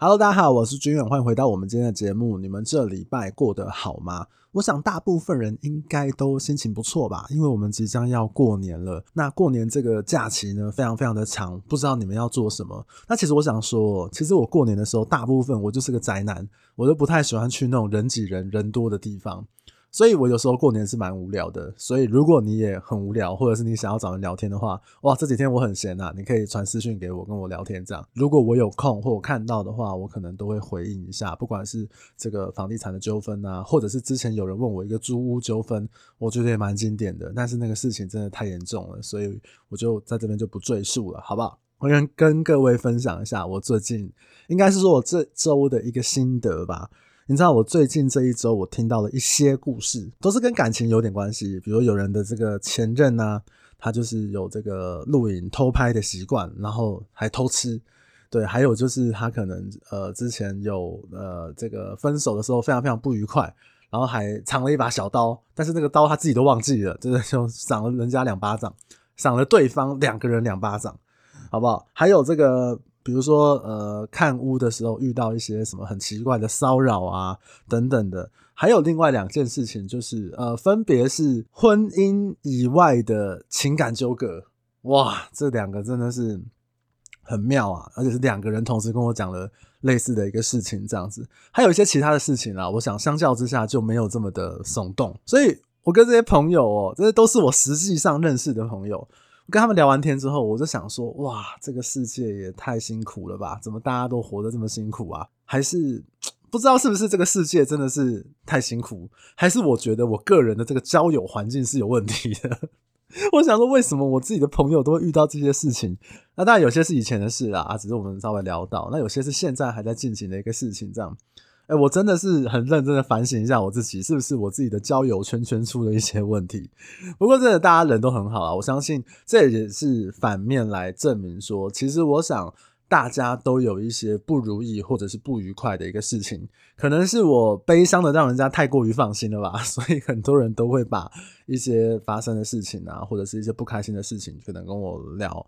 Hello，大家好，我是軍遠，歡迎回到我們今天的節目。你們這禮拜過得好嗎？我想大部分人應該都心情不錯吧，因為我們即將要過年了。那過年這個假期呢，非常非常的長，不知道你們要做什麼。那其實我想說，其實我過年的時候，大部分我就是個宅男，我都不太喜歡去那種人擠人、人多的地方。所以，我有時候過年是蠻無聊的。所以，如果你也很無聊，或者是你想要找人聊天的話，哇，這幾天我很閒吶、啊，你可以傳私訊給我，跟我聊天這樣。如果我有空或我看到的話，我可能都會回應一下。不管是這個房地產的糾紛啊，或者是之前有人問我一個租屋糾紛，我覺得也蠻經典的。但是那個事情真的太嚴重了，所以我就在這邊就不贅述了，好不好？我跟跟各位分享一下我最近，應該是說我這周的一個心得吧。你知道我最近這一周，我聽到了一些故事，都是跟感情有點關係。比如有人的這個前任呢、啊，他就是有這個錄影偷拍的習慣，然後還偷吃。對，還有就是他可能呃之前有呃這個分手的時候非常非常不愉快，然後還藏了一把小刀，但是那個刀他自己都忘記了，真的就賞、是、了人家兩巴掌，賞了對方兩個人兩巴掌，好不好？還有這個。比如說，呃，看屋的時候遇到一些什麼很奇怪的騷擾啊，等等的。還有另外兩件事情，就是呃，分別是婚姻以外的情感糾葛。哇，這兩個真的是很妙啊！而且是兩個人同時跟我講了類似的一個事情，這樣子。還有一些其他的事情啦，我想相較之下就沒有這麼的聳動。所以我跟這些朋友哦、喔，這些都是我實際上認識的朋友。跟他們聊完天之後，我就想說，哇，這個世界也太辛苦了吧？怎麼大家都活得這麼辛苦啊？還是不知道是不是這個世界真的是太辛苦，還是我覺得我個人的這個交友環境是有問題的？我想說，為什麼我自己的朋友都會遇到這些事情？那當然有些是以前的事啦，啊，只是我們稍微聊到，那有些是現在還在進行的一個事情，這樣。哎、欸，我真的是很認真的反省一下我自己，是不是我自己的交友圈圈出了一些問題？不過，這個大家人都很好啊，我相信這也是反面來證明說，其實我想大家都有一些不如意或者是不愉快的一個事情，可能是我悲傷的讓人家太過於放心了吧，所以很多人都會把一些發生的事情啊，或者是一些不開心的事情，就能跟我聊。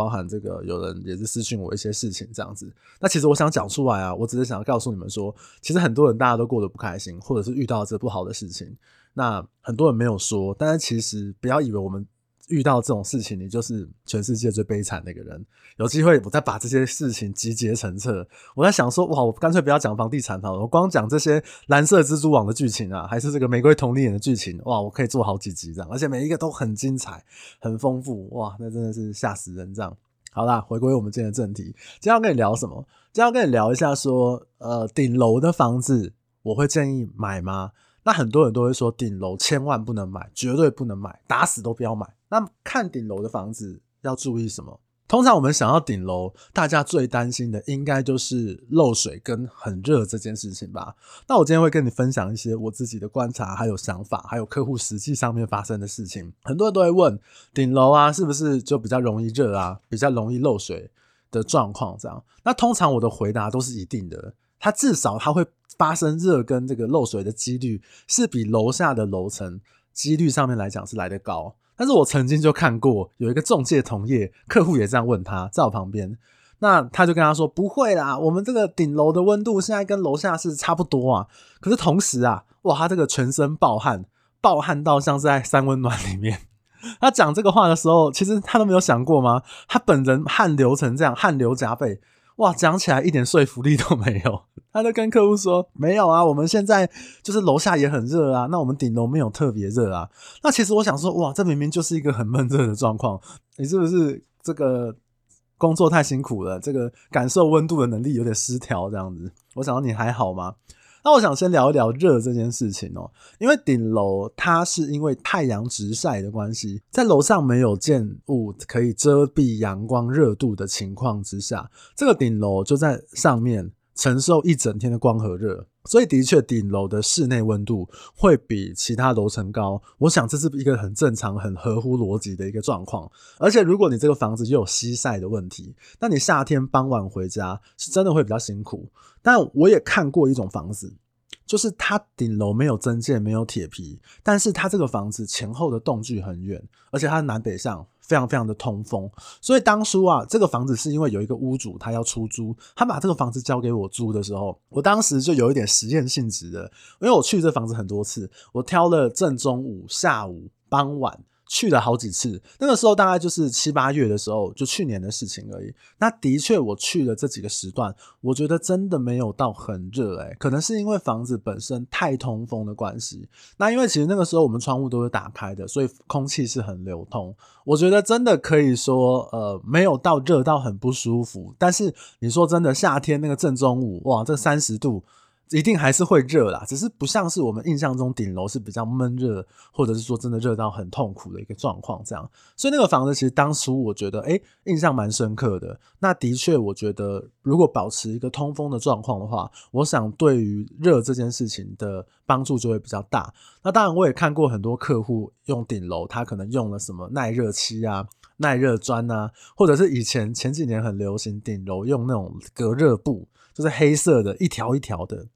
包含這個，有人也是私訊我一些事情這樣子。那其實我想講出來啊，我只是想要告訴你們說，其實很多人大家都過得不開心，或者是遇到這不好的事情。那很多人沒有說，但是其實不要以為我們。遇到這種事情，你就是全世界最悲慘的一個人。有機會，我再把這些事情集結成冊。我在想說，哇，我乾脆不要講房地產好了，我光講這些藍色蜘蛛網的劇情啊，還是這個玫瑰瞳鈴眼的劇情，哇，我可以做好幾集這樣，而且每一個都很精彩、很豐富，哇，那真的是嚇死人這樣。好啦，回歸我們今天的正題，今天要跟你聊什麼？今天要跟你聊一下，說，呃，頂樓的房子我會建議買嗎？那很多人都會說，頂樓千萬不能買，絕對不能買，打死都不要買。那看頂樓的房子要注意什麼？通常我們想要頂樓，大家最擔心的應該就是漏水跟很熱這件事情吧。那我今天會跟你分享一些我自己的觀察，還有想法，還有客戶實際上面發生的事情。很多人都會問，頂樓啊，是不是就比較容易熱啊，比較容易漏水的狀況這樣？那通常我的回答都是一定的。它至少它會發生熱跟這個漏水的幾率是比樓下的樓層幾率上面來講是來得高，但是我曾經就看過有一個仲介同業客戶也這樣問他，在我旁邊，那他就跟他說不會啦，我們這個頂樓的溫度現在跟樓下是差不多啊，可是同時啊，哇，他這個全身暴汗，暴汗到像是在三溫暖裡面，他講這個話的時候，其實他都沒有想過嗎？他本人汗流成這樣，汗流浹背。哇，講起來一點說服力都沒有。他就跟客戶說沒有啊，我們現在就是樓下也很熱啊，那我們頂樓沒有特別熱啊。那其實我想說，哇，這明明就是一個很悶熱的狀況，你是不是這個工作太辛苦了？這個感受溫度的能力有點失調這樣子。我想說，你還好嗎？那我想先聊一聊熱這件事情哦，因為頂樓它是因為太陽直曬的關係，在樓上沒有建物可以遮蔽陽光熱度的情況之下，這個頂樓就在上面，承受一整天的光和熱，所以的確頂樓的室內溫度會比其他樓層高。我想這是一個很正常、很合乎邏輯的一個狀況。而且如果你這個房子又有西曬的問題，那你夏天傍晚回家是真的會比較辛苦。但我也看過一種房子，就是它頂樓沒有增建、沒有鐵皮，但是它這個房子前後的棟距很遠，而且它的南北向。非常非常的通風，所以當初啊，這個房子是因為有一個屋主他要出租，他把這個房子交給我租的時候，我當時就有一點實驗性質的，因為我去這房子很多次，我挑了正中午、下午、傍晚。去了好幾次，那個時候大概就是七八月的時候，就去年的事情而已。那的確，我去了這幾個時段，我覺得真的沒有到很熱欸，可能是因為房子本身太通風的關係。那因為其實那個時候我們窗戶都是打開的，所以空氣是很流通。我覺得真的可以說，呃，沒有到熱到很不舒服。但是你說真的，夏天那個正中午，哇，這三十度。一定還是會熱啦，只是不像是我們印象中頂樓是比較悶熱，或者是說真的熱到很痛苦的一個狀況這樣。所以那個房子其實當初我覺得，誒、欸、印象蠻深刻的。那的確，我覺得如果保持一個通風的狀況的話，我想對於熱這件事情的幫助就會比較大。那當然，我也看過很多客戶用頂樓，他可能用了什麼耐熱漆啊、耐熱磚啊，或者是以前前幾年很流行頂樓用那種隔熱布，就是黑色的一條一條的。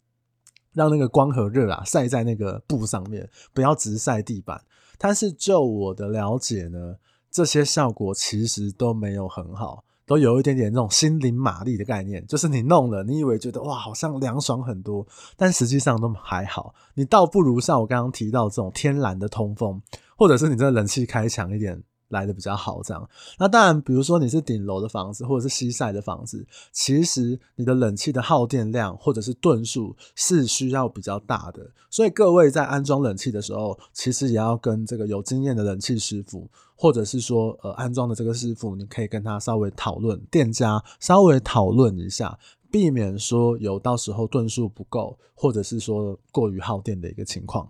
讓那個光和熱啊曬在那個布上面，不要直曬地板。但是就我的了解呢，這些效果其實都沒有很好，都有一點點那種心靈馬力的概念，就是你弄了，你以為覺得哇好像涼爽很多，但實際上都還好。你倒不如像我剛剛提到這種天然的通風，或者是你這冷氣開強一點。來得比較好，這樣。那當然，比如說你是頂樓的房子，或者是西曬的房子，其實你的冷氣的耗電量或者是噸數是需要比較大的。所以各位在安裝冷氣的時候，其實也要跟這個有經驗的冷氣師傅，或者是說呃安裝的這個師傅，你可以跟他稍微討論，店家稍微討論一下，避免說有到時候噸數不夠，或者是說過於耗電的一個情況。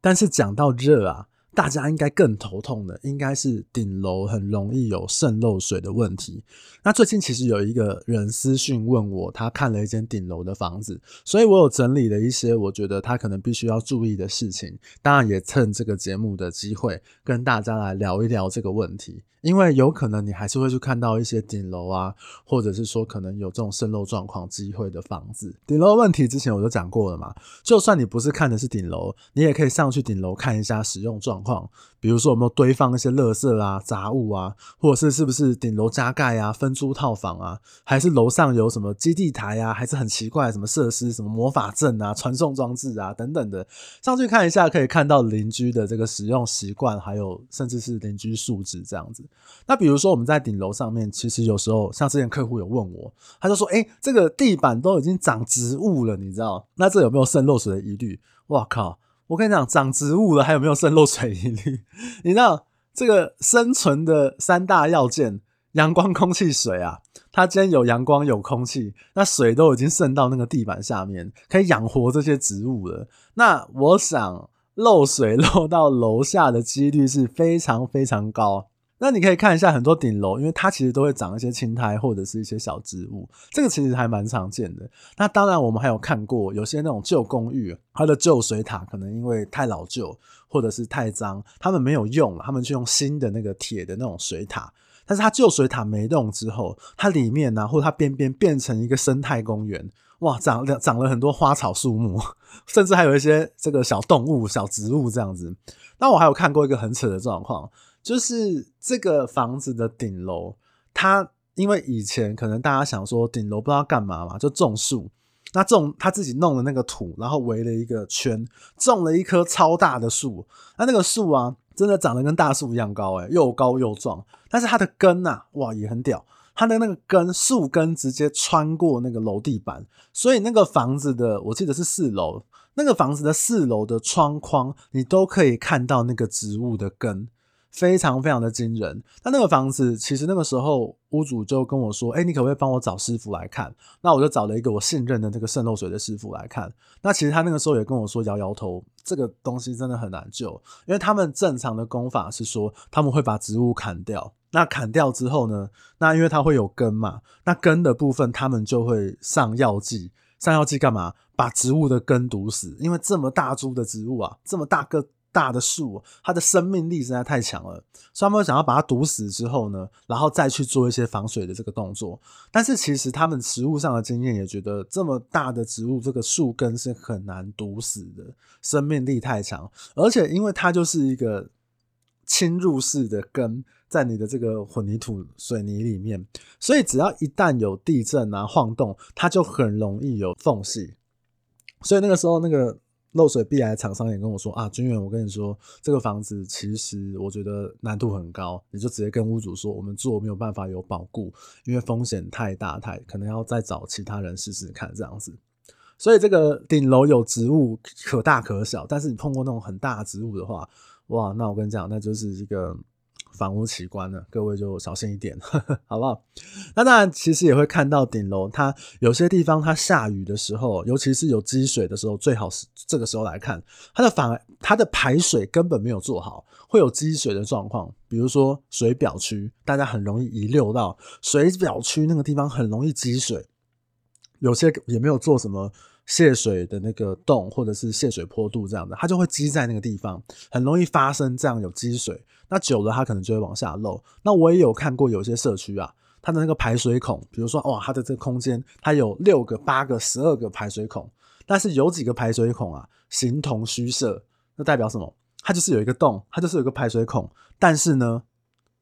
但是講到熱啊，大家應該更頭痛的，應該是頂樓很容易有滲漏水的問題。那最近其實有一個人私訊問我，他看了一間頂樓的房子，所以我有整理了一些我覺得他可能必須要注意的事情。當然也趁這個節目的機會，跟大家來聊一聊這個問題，因為有可能你還是會去看到一些頂樓啊，或者是說可能有這種滲漏狀況機會的房子。頂樓的問題之前我都講過了嘛，就算你不是看的是頂樓，你也可以上去頂樓看一下使用狀。況，比如說有沒有堆放一些垃圾啊、雜物啊，或者是是不是頂樓加蓋啊、分租套房啊，還是樓上有什麼基地台啊，還是很奇怪什麼設施、什麼魔法陣啊、傳送裝置啊等等的，上去看一下，可以看到鄰居的這個使用習慣，還有甚至是鄰居素質這樣子。那比如說我們在頂樓上面，其實有時候像之前客戶有問我，他就說：“哎，這個地板都已經長植物了，你知道？那這有沒有滲漏水的疑慮？”哇靠！我跟你講，長植物了，還有沒有滲漏水的幾率？ 你知道這個生存的三大要件：陽光、空氣、水啊。它既然有陽光、有空氣，那水都已經滲到那個地板下面，可以養活這些植物了。那我想漏水漏到樓下的幾率是非常非常高。那你可以看一下很多頂樓，因為它其實都會長一些青苔或者是一些小植物，這個其實還蠻常見的。那當然，我們還有看過有些那種舊公寓，它的舊水塔可能因為太老舊或者是太髒，他們沒有用了，他們去用新的那個鐵的那種水塔。但是它舊水塔沒動之後，它裡面呢、啊、或者它邊邊變成一個生態公園，哇，長了長了很多花草樹木，甚至還有一些這個小動物、小植物這樣子。那我還有看過一個很扯的狀況。就是這個房子的頂樓，它因為以前可能大家想說頂樓不知道幹嘛嘛，就種樹。那種他自己弄的那個土，然後圍了一個圈，種了一棵超大的樹。那那個樹啊，真的長得跟大樹一樣高、欸，哎，又高又壯。但是它的根吶、啊，哇，也很屌。它的那個根，樹根直接穿過那個樓地板，所以那個房子的，我記得是四樓，那個房子的四樓的窗框，你都可以看到那個植物的根。非常非常的驚人。那那個房子，其實那個時候屋主就跟我說：“哎、欸，你可不可以幫我找師傅來看？”那我就找了一個我信任的那個滲漏水的師傅來看。那其實他那個時候也跟我說，搖搖頭，這個東西真的很難救，因為他們正常的工法是說他們會把植物砍掉。那砍掉之後呢？那因為它會有根嘛，那根的部分他們就會上藥劑，上藥劑幹嘛？把植物的根毒死。因為這麼大株的植物啊，這麼大個。大的樹，它的生命力實在太強了，所以他們會想要把它堵死之後呢，然後再去做一些防水的這個動作。但是其實他們植物上的經驗也覺得，這麼大的植物，這個樹根是很難堵死的，生命力太強。而且因為它就是一個侵入式的根，在你的這個混凝土水泥裡面，所以只要一旦有地震啊晃動，它就很容易有縫隙。所以那個時候那個。漏水必來，廠商也跟我說啊，軍遠，我跟你說，這個房子其實我覺得難度很高，你就直接跟屋主說，我們做沒有辦法有保固，因為風險太大，太可能要再找其他人試試看這樣子。所以這個頂樓有植物可大可小，但是你碰過那種很大的植物的話，哇，那我跟你講，那就是一個。房屋奇觀呢，各位就小心一點，好不好？那當然，其實也會看到頂樓，它有些地方它下雨的時候，尤其是有積水的時候，最好是這個時候來看它的房，它的排水根本沒有做好，會有積水的狀況。比如說水表區，大家很容易遺漏到水表區那個地方，很容易積水，有些也沒有做什麼。泄水的那個洞，或者是泄水坡度這樣的，它就會積在那個地方，很容易發生這樣有積水。那久了，它可能就會往下漏。那我也有看過有些社區啊，它的那個排水孔，比如說哇，它的這個空間它有六個、八個、十二個排水孔，但是有幾個排水孔啊形同虛設，那代表什麼？它就是有一個洞，它就是有個排水孔，但是呢，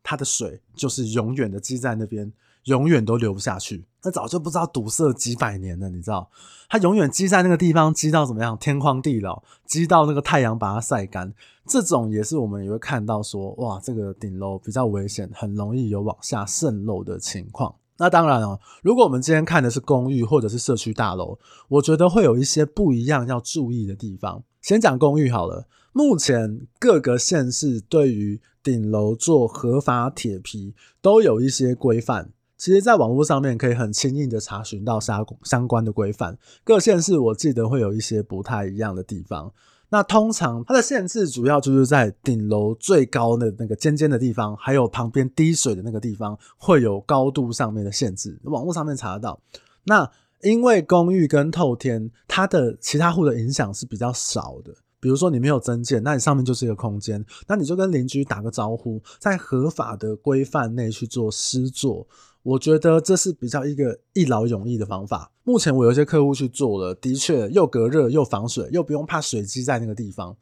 它的水就是永遠的積在那邊。永遠都流不下去，那早就不知道堵塞幾百年了，你知道？它永遠積在那個地方，積到怎麼樣？天荒地老，積到那個太陽把它曬乾。這種也是我們也會看到說，哇，這個頂樓比較危險，很容易有往下滲漏的情況。那當然了，如果我們今天看的是公寓或者是社區大樓，我覺得會有一些不一樣要注意的地方。先講公寓好了，目前各個縣市對於頂樓做合法鐵皮都有一些規範。其實，在網絡上面可以很輕易的查詢到相關相關的規範。各縣市我記得會有一些不太一樣的地方。那通常它的限制主要就是在頂樓最高的那個尖尖的地方，還有旁邊滴水的那個地方會有高度上面的限制。網絡上面查得到，那因為公寓跟透天，它的其他戶的影響是比較少的。比如說你沒有增建，那你上面就是一個空間，那你就跟鄰居打個招呼，在合法的規範內去做施作，我覺得這是比較一個一勞永逸的方法。目前我有一些客戶去做了，的確又隔熱又防水，又不用怕水積在那個地方。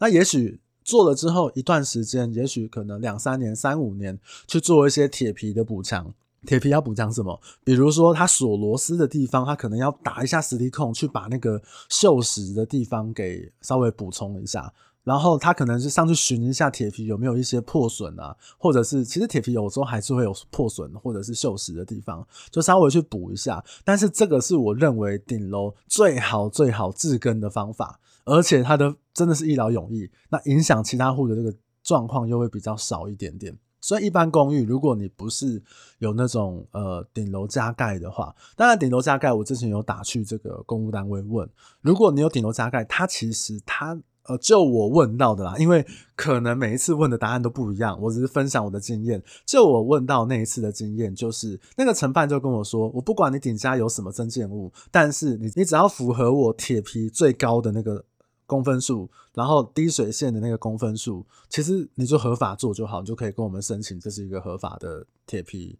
那也許做了之後一段時間，也許可能兩三年、三五年去做一些鐵皮的補強。鐵皮要補講什麼？比如說，它鎖螺絲的地方，它可能要打一下矽利康，去把那個鏽蝕的地方給稍微補充一下。然後，它可能就上去巡一下鐵皮有沒有一些破損啊，或者是其實鐵皮有時候還是會有破損或者是鏽蝕的地方，就稍微去補一下。但是這個是我認為頂樓最好最好治根的方法，而且它的真的是一勞永逸，那影響其他戶的這個狀況又會比較少一點點。所以，一般公寓如果你不是有那種呃頂樓加蓋的話，當然頂樓加蓋，我之前有打去這個公務單位問。如果你有頂樓加蓋，他其實他呃，就我問到的啦，因為可能每一次問的答案都不一樣，我只是分享我的經驗。就我問到那一次的經驗，就是那個承辦就跟我說，我不管你頂加有什麼增建物，但是你，你只要符合我鐵皮最高的那個，公分數，然後滴水線的那個公分數，其實你就合法做就好，你就可以跟我們申請，這是一個合法的鐵皮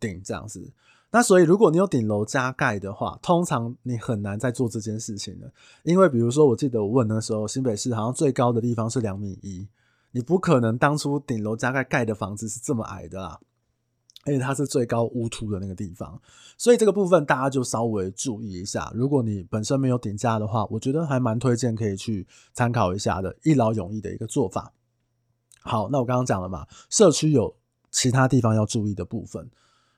頂這樣子。那所以如果你有頂樓加蓋的話，通常你很難再做這件事情了，因為比如說我記得我問的時候，新北市好像最高的地方是兩米一，你不可能當初頂樓加蓋蓋的房子是這麼矮的啦。因為它是最高屋突的那個地方，所以這個部分大家就稍微注意一下。如果你本身沒有頂加的話，我覺得還蠻推薦可以去參考一下的，一勞永逸的一個做法。好，那我剛剛講了嘛，社區有其他地方要注意的部分。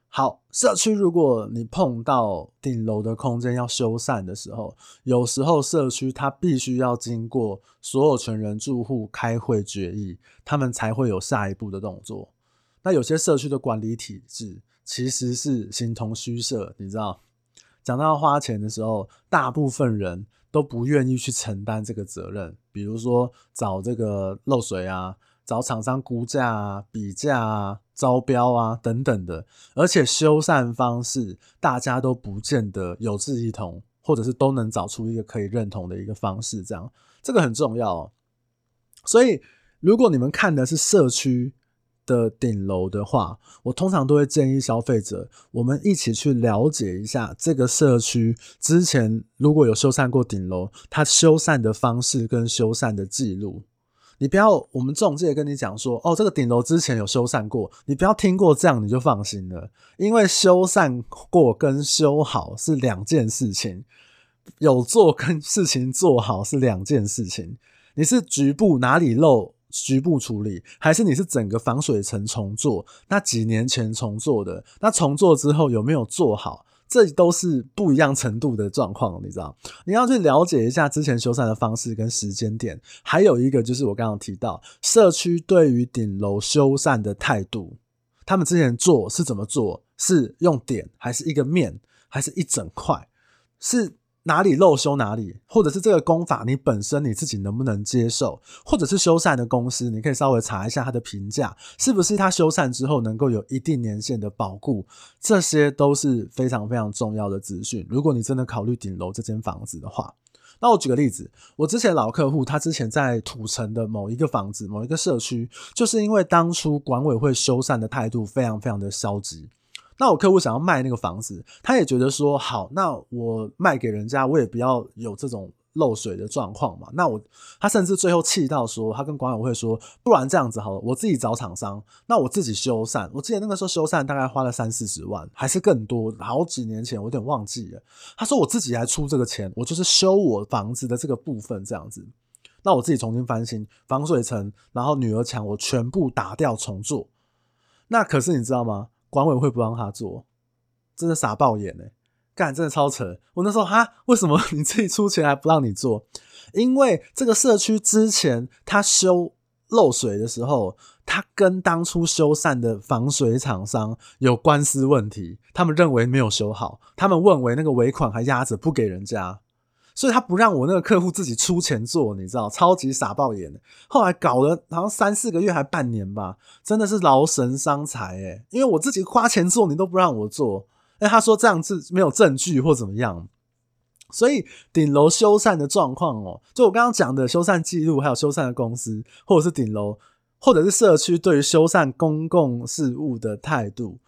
好，社區如果你碰到頂樓的空間要修繕的時候，有時候社區它必須要經過所有權人住戶開會決議，他們才會有下一步的動作。那有些社區的管理體制其實是形同虛設，你知道？講到要花錢的時候，大部分人都不願意去承擔這個責任，比如說找這個漏水啊，找廠商估價啊、比價啊、招標啊等等的，而且修繕方式大家都不見得有志一同，或者是都能找出一個可以認同的一個方式，這樣這個很重要喔。所以，如果你們看的是社區，的頂樓的話，我通常都會建議消費者，我們一起去了解一下這個社區之前如果有修繕過頂樓，它修繕的方式跟修繕的記錄。你不要我們中介跟你講說，哦，這個頂樓之前有修繕過，你不要聽過這樣你就放心了，因為修繕過跟修好是兩件事情，有做跟事情做好是兩件事情。你是局部哪裡漏？局部處理還是你是整個防水層重做？那幾年前重做的，那重做之後有沒有做好？這都是不一樣程度的狀況，你知道嗎？你要去了解一下之前修繕的方式跟時間點。還有一個就是我剛剛提到社區對於頂樓修繕的態度，他們之前做是怎麼做？是用點還是一個面，還是一整塊？是。哪裡漏修哪裡，或者是這個工法你本身你自己能不能接受，或者是修繕的公司，你可以稍微查一下它的評價，是不是它修繕之後能夠有一定年限的保固，這些都是非常非常重要的資訊。如果你真的考慮頂樓這間房子的話，那我舉個例子，我之前老客戶他之前在土城的某一個房子、某一個社區，就是因為當初管委會修繕的態度非常非常的消極。那我客戶想要賣那個房子，他也覺得說好，那我賣給人家，我也不要有這種漏水的狀況嘛。那我他甚至最後氣到說，他跟管委會說，不然這樣子好了，我自己找廠商，那我自己修繕。我記得那個時候修繕大概花了三四十萬，還是更多，好幾年前我有點忘記了。他說我自己來出這個錢，我就是修我房子的這個部分這樣子，那我自己重新翻新防水層，然後女兒牆我全部打掉重做。那可是你知道嗎？管委會不讓他做，真的傻爆眼呢、欸！幹，真的超扯。我那時候哈，為什麼你自己出錢還不讓你做？因為這個社區之前他修漏水的時候，他跟當初修繕的防水廠商有官司問題，他們認為沒有修好，他們認為那個尾款還壓着不給人家。所以他不讓我那個客戶自己出錢做，你知道，超級傻爆眼。後來搞了好像三四個月還半年吧，真的是勞神傷財哎。因為我自己花錢做，你都不讓我做。哎，他說這樣子沒有證據或怎麼樣。所以頂樓修繕的狀況哦，就我剛剛講的修繕記錄，還有修繕的公司，或者是頂樓，或者是社區對於修繕公共事務的態度，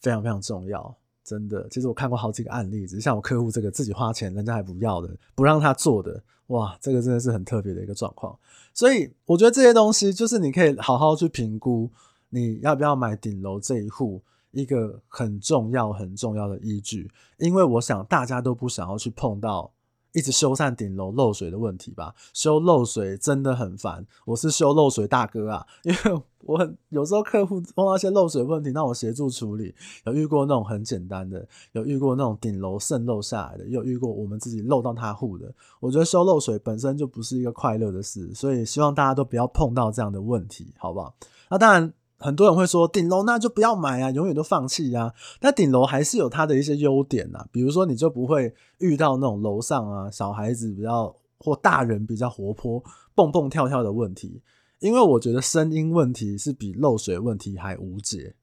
非常非常重要。真的，其實我看過好幾個案例，只是像我客戶這個自己花錢，人家還不要的，不讓他做的，哇，這個真的是很特別的一個狀況。所以我覺得這些東西，就是你可以好好去評估，你要不要買頂樓這一戶，一個很重要很重要的依據。因為我想大家都不想要去碰到，一直修繕頂樓漏水的問題吧，修漏水真的很煩，我是修漏水大哥啊，因為我很有時候客戶碰到一些漏水問題，那我協助處理，有遇過那種很簡單的，有遇過那種頂樓滲漏下來的，有遇過我們自己漏到他戶的，我覺得修漏水本身就不是一個快樂的事，所以希望大家都不要碰到這樣的問題，好不好？那當然。很多人會說頂樓那就不要買啊，永遠都放棄啊。那頂樓還是有它的一些優點啊，比如說你就不會遇到那種樓上啊，小孩子比較或大人比較活潑，蹦蹦跳跳的問題。因為我覺得聲音問題是比漏水問題還無解，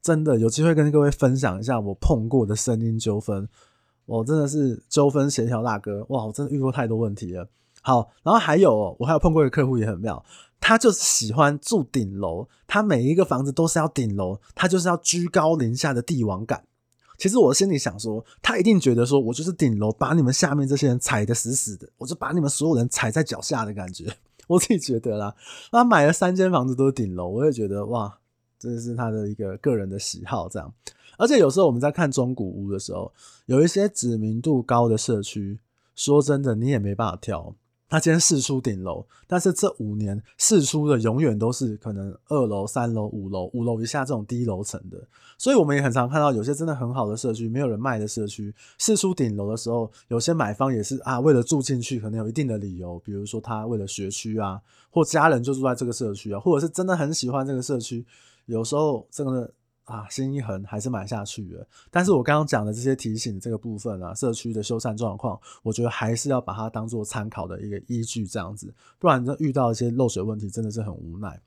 真的有機會跟各位分享一下我碰過的聲音糾紛，我、哦、真的是糾紛協調大哥，哇，我真的遇過太多問題了。好，然後還有、哦、我還有碰過一個客戶也很妙。他就是喜歡住頂樓，他每一個房子都是要頂樓，他就是要居高臨下的帝王感。其實我心裡想說，他一定覺得說，我就是頂樓，把你們下面這些人踩得死死的，我就把你們所有人踩在腳下的感覺，我自己覺得啦。他買了三間房子都是頂樓，我也覺得哇，這是他的一個個人的喜好這樣。而且有時候我們在看中古屋的時候，有一些知名度高的社區，說真的，你也沒辦法挑。他、啊、今天釋出頂樓，但是這五年釋出的永遠都是可能二樓、三樓、五樓、五樓以下這種低樓層的，所以我們也很常看到有些真的很好的社區、沒有人賣的社區釋出頂樓的時候，有些買方也是啊，為了住進去可能有一定的理由，比如說他為了學區啊，或家人就住在這個社區啊，或者是真的很喜歡這個社區，有時候真的。啊，心一橫還是買下去了。但是我剛剛講的這些提醒這個部分啊，社區的修繕狀況，我覺得還是要把它當做參考的一個依據，這樣子，不然就遇到一些漏水問題，真的是很無奈。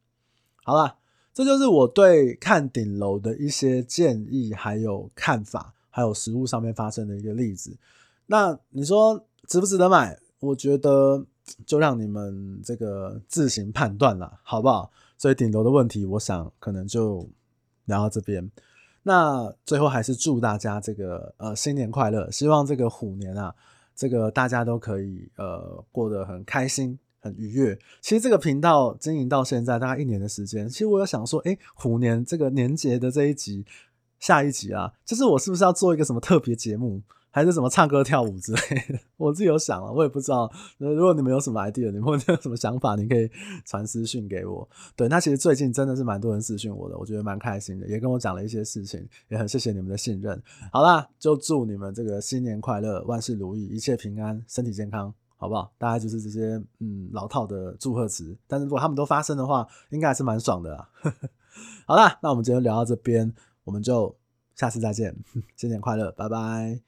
好了，這就是我對看頂樓的一些建議，還有看法，還有實務上面發生的一個例子。那你說值不值得買？我覺得就讓你們這個自行判斷了，好不好？所以頂樓的問題，我想可能就。然後這邊，那最後還是祝大家這個呃新年快樂，希望這個虎年啊，這個大家都可以呃過得很開心、很愉悅。其實這個頻道經營到現在大概一年的時間，其實我有想說，誒，虎年這個年節的這一集、下一集啊，就是我是不是要做一個什麼特別節目？還是什麼唱歌跳舞之類的，我自己有想了啊，我也不知道。如果你們有什麼 idea，你們有什麼想法，你可以傳私訊給我。對，那其實最近真的是蠻多人私訊我的，我覺得蠻開心的，也跟我講了一些事情，也很謝謝你們的信任。好啦，就祝你們這個新年快樂，萬事如意，一切平安，身體健康，好不好？大概就是這些嗯老套的祝賀詞。但是如果他們都發生的話，應該還是蠻爽的啊。 好啦，那我們今天聊到這邊，我們就下次再見。新年快樂，拜拜。